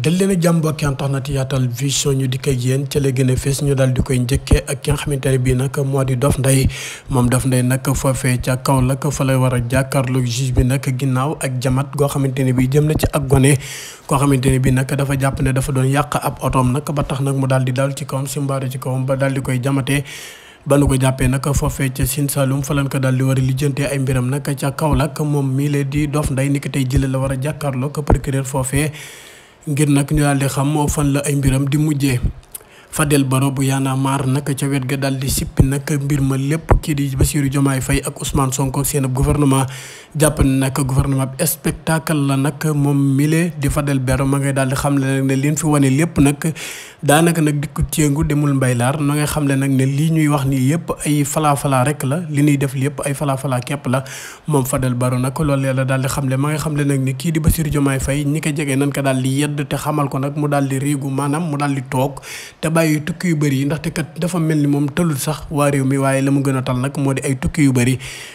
dal leen a jàmm mbokk internet Yatal Vision ñu dikk koy yéen ca la gën a fees ñu daal di koy njëkkee ak ki nga xamante ne bii nag moo di Dof Ndeye moom Dof Ndeye nag foofee ca Kaolack fa lay war a jàkkaarloog juge bi nag ginnaaw ak jamat goo xamante ne bii jëm na ci ak gone koo xamante ne bii nag dafa jàpp dafa doon yàq ab otoom nag ba tax nag mu daal di daal ci kawam si mbaaru ci kawam ba daal di koy jamatee ba nu ko jàppee nag foofee ca Sine Saloum fa lañ ko daal di war a lijjantee ay mbiram nag ca Kaolack moom mii di Dof Ndeye ni tey jële la war a jàkkaarloog procureur foofee ngir nag ñu daal di xam fan la ay mbiram di mujjee Fadel Barro bu Y'en a marre nag ca wet ga daal di sippi nag mbir ma lépp kii di Bassirou Diomaye fay ak Ousmane Sonko seen ab gouvernement jàpp ne nag gouvernement bi spectacle la nag moom mile di Fadel Barro ma ngay daal di xam ne leen fi wane lépp nag daanaka nag dikku céengu demul mbaylaar na ngay xam ne nag ne lii ñuy wax nii yëpp ay falafala rek la li ñuy def yëpp ay falaa falaa képp la moom Fadel Barro nag loolu yàlla daal di xam le ma nga xam ne nag ni kii di Bassirou Diomaye Faye ñi ko jegee nan ko daal di yedd te xamal ko nag mu daal di maanaam mu daal di toog te bàyyi tukki yu bëri yi ndaxte kat dafa mel ni moom tëlul sax waa réew mi waaye la mu gën a tal nag moo di ay tukki yu bëri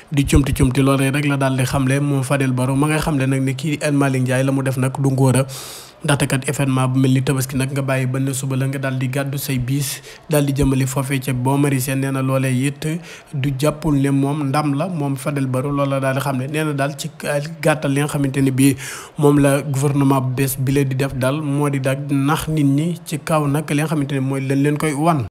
di comti comti loolee rek la daal di xam le moom Fadel Barro ma nga xam ne nag ni kii di El la mu def nag du ngóor ndaxte kat événement bu mel ni tabaski nag nga bàyyi ba ne suba la nga daal di gàddu say biis daal di jëmali foofee ca boo marisee nee na loolee it du jàppul ne moom ndam la moom baru Barro la daal di xam ne nee na daal ci gàttal li nga xamante ni bii moom la gouvernement bu bees bi la di def daal moo di daal nax nit ñi ci kaw nag li nga xamante ne mooy lañ leen koy wan